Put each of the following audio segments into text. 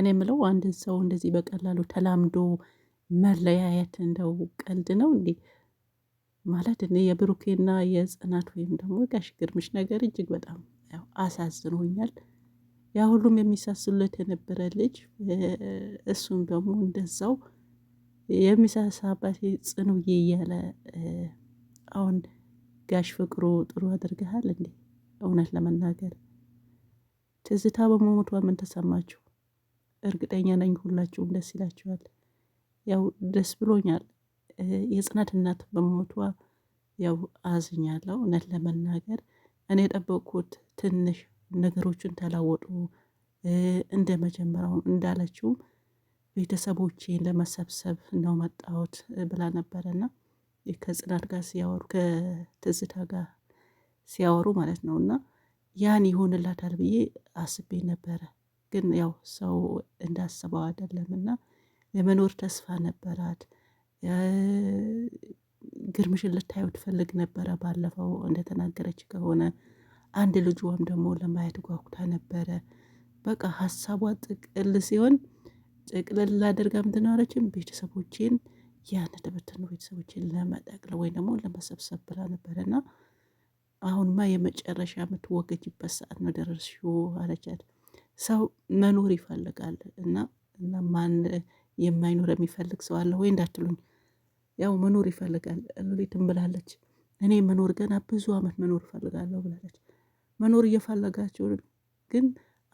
እኔ የምለው አንድን ሰው እንደዚህ በቀላሉ ተላምዶ መለያየት እንደው ቀልድ ነው እንዴ? ማለት እኔ የብሩኬና የጽናት ወይም ደግሞ ጋሽ ግርምሽ ነገር እጅግ በጣም አሳዝኖኛል። ያ ሁሉም የሚሳስሉለት የነበረ ልጅ እሱም ደግሞ እንደዛው የሚሳሳባት ጽኑዬ እያለ አሁን ጋሽ ፍቅሩ ጥሩ አድርገሃል እንዴ? እውነት ለመናገር ትዝታ በመሞቷ ምን ተሰማችሁ? እርግጠኛ ነኝ ሁላችሁም ደስ ይላችኋል። ያው ደስ ብሎኛል። የጽናት እናት በሞቷ ያው አዝኛለሁ። እውነት ለመናገር እኔ የጠበቅኩት ትንሽ ነገሮችን ተላወጡ እንደ መጀመሪያው እንዳለችው ቤተሰቦቼን ለመሰብሰብ ነው መጣሁት ብላ ነበረና ከጽናት ጋር ሲያወሩ ከትዝታ ጋር ሲያወሩ ማለት ነው እና ያን ይሆንላታል ብዬ አስቤ ነበረ። ግን ያው ሰው እንዳስበው አይደለም እና የመኖር ተስፋ ነበራት። ግርምሽን ልታየው ትፈልግ ነበረ። ባለፈው እንደተናገረች ከሆነ አንድ ልጇም ደግሞ ለማየት ጓጉታ ነበረ። በቃ ሀሳቧ ጥቅል ሲሆን ጥቅልል ላደርጋ ምትኖረችን ቤተሰቦችን ያን ተበተኑ ቤተሰቦችን ለመጠቅል ወይ ደግሞ ለመሰብሰብ ብላ ነበረና አሁንማ የመጨረሻ የምትወገጅበት ሰዓት ነው ደረስሽው አለቻት። ሰው መኖር ይፈልጋል እና እና ማን የማይኖር የሚፈልግ ሰው አለ ወይ እንዳትሉኝ፣ ያው መኖር ይፈልጋል። ሉሊትም ብላለች እኔ መኖር ገና ብዙ አመት መኖር እፈልጋለሁ ብላለች። መኖር እየፈለጋችሁ ግን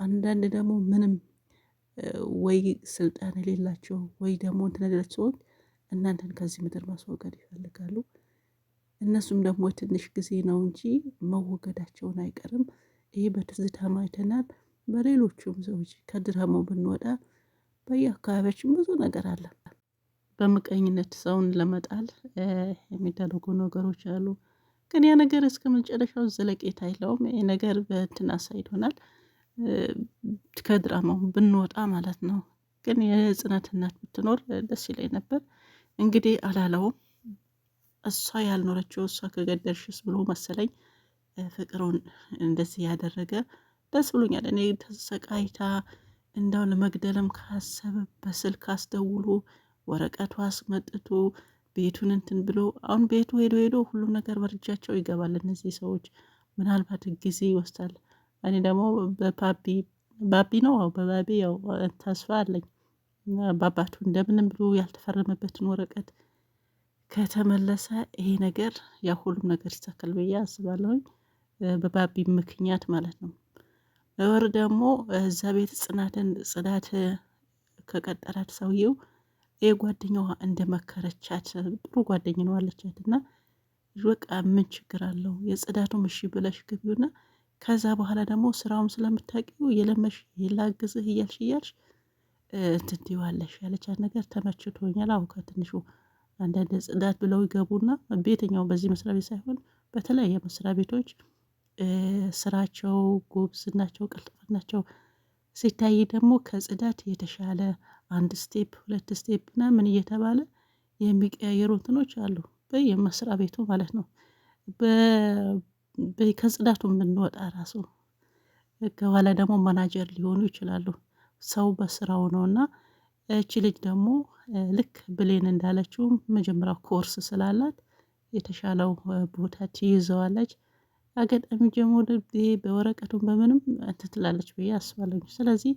አንዳንድ ደግሞ ምንም ወይ ስልጣን የሌላቸው ወይ ደግሞ እንትነደረች ሰዎች እናንተን ከዚህ ምድር ማስወገድ ይፈልጋሉ። እነሱም ደግሞ ትንሽ ጊዜ ነው እንጂ መወገዳቸውን አይቀርም። ይሄ በትዝታ ማይተናል። በሌሎቹም ሰዎች ከድራማው ብንወጣ በየአካባቢያችን ብዙ ነገር አለ። በምቀኝነት ሰውን ለመጣል የሚደረጉ ነገሮች አሉ። ግን ያ ነገር እስከ መጨረሻው ዘለቄታ የለውም ይሄ ነገር በእንትን አሳይቶናል። ከድራማው ብንወጣ ማለት ነው። ግን የጽናት እናት ብትኖር ደስ ይለኝ ነበር። እንግዲህ አላለውም እሷ ያልኖረችው እሷ ከገደልሽስ ብሎ መሰለኝ ፍቅሩን እንደዚህ ያደረገ ደስ ብሎኛል። እኔ ተሰቃይታ እንደው ለመግደልም ካሰበ በስልክ አስደውሎ ወረቀቱ አስመጥቶ ቤቱን እንትን ብሎ አሁን ቤቱ ሄዶ ሄዶ ሁሉም ነገር በእጃቸው ይገባል። እነዚህ ሰዎች ምናልባት ጊዜ ይወስዳል። እኔ ደግሞ በፓቢ ባቢ ነው ው በባቢ ያው ተስፋ አለኝ። በአባቱ እንደምንም ብሎ ያልተፈረመበትን ወረቀት ከተመለሰ ይሄ ነገር ያ ሁሉም ነገር ይስተካከል ብዬ አስባለሁኝ። በባቢ ምክንያት ማለት ነው። ወር ደግሞ እዛ ቤት ጽናትን ጽዳት ከቀጠራት ሰውየው የጓደኛዋ እንደመከረቻት ጥሩ ጓደኛ ነው አለቻት እና በቃ ምን ችግር አለው የጽዳቱም እሺ ብለሽ ግቢውና ከዛ በኋላ ደግሞ ስራውም ስለምታውቂው የለመሽ የላግዝህ እያልሽ እያልሽ እንትን ትይዋለሽ ያለቻት ነገር ተመችቶኛል። አሁን ከትንሹ አንዳንድ ጽዳት ብለው ይገቡና ቤተኛው በዚህ መስሪያ ቤት ሳይሆን በተለያየ መስሪያ ቤቶች ስራቸው፣ ጉብዝናቸው፣ ቅልጥፍናቸው ሲታይ ደግሞ ከጽዳት የተሻለ አንድ ስቴፕ ሁለት ስቴፕ ምን እየተባለ የሚቀያየሩ እንትኖች አሉ በየመስሪያ ቤቱ ማለት ነው። ከጽዳቱ የምንወጣ ራሱ ከኋላ ደግሞ ማናጀር ሊሆኑ ይችላሉ። ሰው በስራው ነው እና እቺ ልጅ ደግሞ ልክ ብሌን እንዳለችው መጀመሪያው ኮርስ ስላላት የተሻለው ቦታ ትይዘዋለች። አጋጣሚ ጀሞ ልቤ በወረቀቱም በምንም እንትን ትላለች ብዬ አስባለኝ ስለዚህ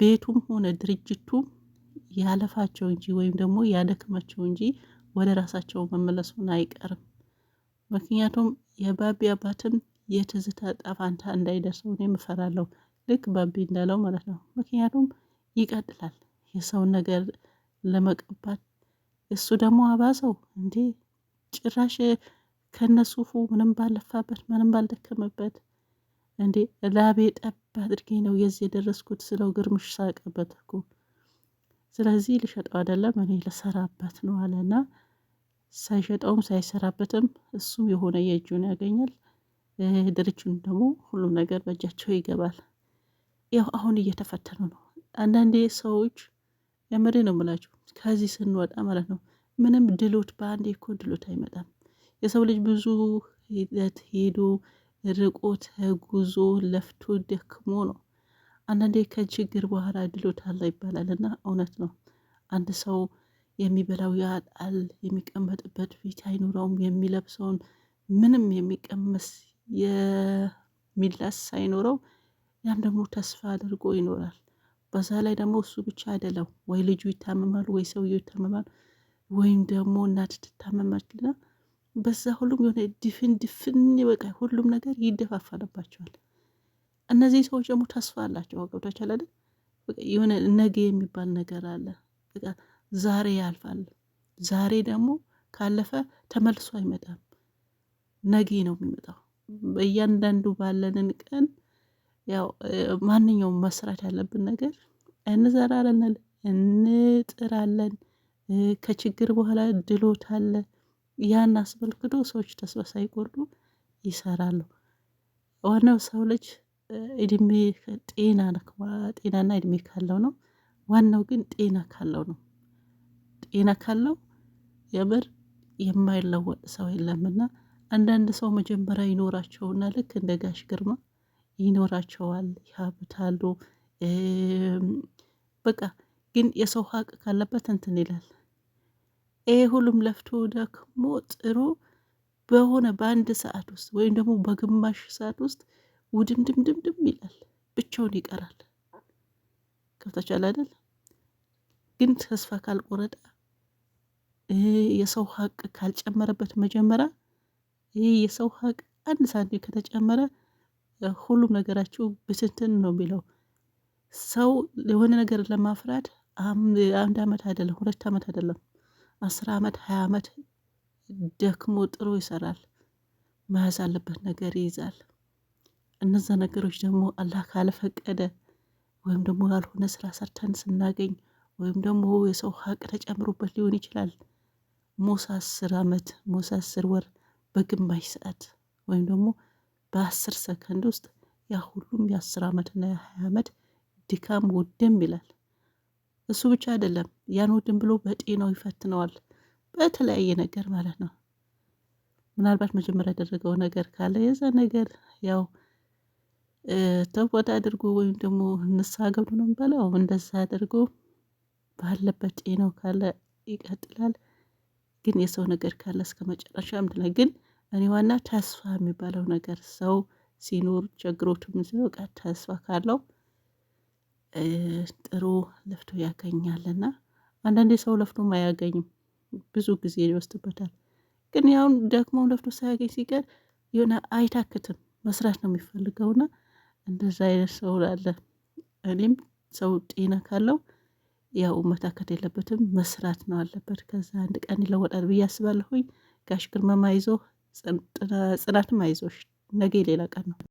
ቤቱም ሆነ ድርጅቱም ያለፋቸው እንጂ ወይም ደግሞ ያደክማቸው እንጂ ወደ ራሳቸው መመለሱን አይቀርም። ምክንያቱም የባቢ አባትም የትዝታ ጣፋንታ እንዳይደርሰው እኔም እፈራለሁ። ልክ ባቢ እንዳለው ማለት ነው። ምክንያቱም ይቀጥላል የሰውን ነገር ለመቀባት እሱ ደግሞ አባሰው እንዴ ጭራሽ ከነሱ ፉ ምንም ባልለፋበት ምንም ባልደከመበት እንዴ ላቤ ጠብ አድርጌ ነው የዚህ የደረስኩት ስለው ግርምሽ ሳቀበት እኮ። ስለዚህ ልሸጠው አይደለም እኔ ልሰራበት ነው አለና ሳይሸጠውም ሳይሰራበትም እሱም የሆነ የእጁን ያገኛል፣ ድርጅቱን ደግሞ ሁሉም ነገር በእጃቸው ይገባል። ያው አሁን እየተፈተኑ ነው አንዳንዴ ሰዎች። የምሬ ነው ምላቸው ከዚህ ስንወጣ ማለት ነው ምንም ድሎት በአንዴ እኮ ድሎት አይመጣም። የሰው ልጅ ብዙ ሂደት ሄዶ ርቆ ተጉዞ ለፍቶ ደክሞ ነው አንዳንዴ ከችግር በኋላ ድሎታል ይባላል እና እውነት ነው። አንድ ሰው የሚበላው ያጣል፣ የሚቀመጥበት ፊት አይኖረውም፣ የሚለብሰውን ምንም የሚቀመስ የሚላስ ሳይኖረው ያም ደግሞ ተስፋ አድርጎ ይኖራል። በዛ ላይ ደግሞ እሱ ብቻ አይደለም ወይ ልጁ ይታመማል፣ ወይ ሰውየው ይታመማል፣ ወይም ደግሞ እናት ትታመማችና በዛ ሁሉም የሆነ ድፍን ድፍን በቃ ሁሉም ነገር ይደፋፋልባቸዋል። እነዚህ ሰዎች ደግሞ ተስፋ አላቸው። ገብቷችኋል አለ የሆነ ነገ የሚባል ነገር አለ። በቃ ዛሬ ያልፋል። ዛሬ ደግሞ ካለፈ ተመልሶ አይመጣም። ነገ ነው የሚመጣው። በእያንዳንዱ ባለንን ቀን ያው ማንኛውም መስራት ያለብን ነገር እንዘራረናል፣ እንጥራለን። ከችግር በኋላ ድሎት አለ። ያን አስመልክቶ ሰዎች ተስፋ ሳይቆርጡ ይሰራሉ። ዋናው ሰው ልጅ እድሜ ጤና ጤናና እድሜ ካለው ነው። ዋናው ግን ጤና ካለው ነው። ጤና ካለው የምር የማይለወጥ ሰው የለምና አንዳንድ ሰው መጀመሪያ ይኖራቸውና ልክ እንደ ጋሽ ግርማ ይኖራቸዋል፣ ይሀብታሉ በቃ ግን የሰው ሀቅ ካለበት እንትን ይላል። ይሄ ሁሉም ለፍቶ ደክሞ ጥሩ በሆነ በአንድ ሰዓት ውስጥ ወይም ደግሞ በግማሽ ሰዓት ውስጥ ውድምድምድምድም ይላል፣ ብቻውን ይቀራል። ገብታችኋል አይደል? ግን ተስፋ ካልቆረጠ የሰው ሀቅ ካልጨመረበት መጀመሪያ ይህ የሰው ሀቅ አንድ ሳንቲም ከተጨመረ ሁሉም ነገራችሁ ብትንትን ነው የሚለው። ሰው የሆነ ነገር ለማፍራት አንድ አመት አይደለም፣ ሁለት አመት አይደለም አስር ዓመት ሀያ ዓመት ደክሞ ጥሩ ይሰራል። መያዝ ያለበት ነገር ይይዛል። እነዛ ነገሮች ደግሞ አላህ ካልፈቀደ ወይም ደግሞ ያልሆነ ስራ ሰርተን ስናገኝ ወይም ደግሞ የሰው ሀቅ ተጨምሮበት ሊሆን ይችላል። ሞሳ አስር ዓመት ሞሳ አስር ወር በግማሽ ሰዓት ወይም ደግሞ በአስር ሰከንድ ውስጥ ያ ሁሉም የአስር ዓመትና የሀያ ዓመት ድካም ውድም ይላል። እሱ ብቻ አይደለም ያን ውድን ብሎ በጤናው ይፈትነዋል፣ በተለያየ ነገር ማለት ነው። ምናልባት መጀመሪያ ያደረገው ነገር ካለ የዛ ነገር ያው ተወት አድርጎ ወይም ደግሞ ንስሐ ገብቶ ነው የሚባለው። እንደዛ አድርጎ ባለበት ጤናው ካለ ይቀጥላል። ግን የሰው ነገር ካለ እስከ መጨረሻ ምድነ ግን እኔ ዋና ተስፋ የሚባለው ነገር ሰው ሲኖር ችግሮቹ ተስፋ ካለው ጥሩ ለፍቶ ያገኛልና አንዳንዴ ሰው ለፍቶም አያገኝም፣ ብዙ ጊዜ ይወስድበታል። ግን ያሁን ደግሞ ለፍቶ ሳያገኝ ሲቀር የሆነ አይታክትም፣ መስራት ነው የሚፈልገውና እንደዛ አይነት ሰው ላለ እኔም ሰው ጤና ካለው ያው መታከት የለበትም መስራት ነው አለበት። ከዛ አንድ ቀን ይለወጣል ብዬ አስባለሁኝ። ጋሽ ግርማም አይዞ ጽናትም አይዞሽ፣ ነገ ሌላ ቀን ነው።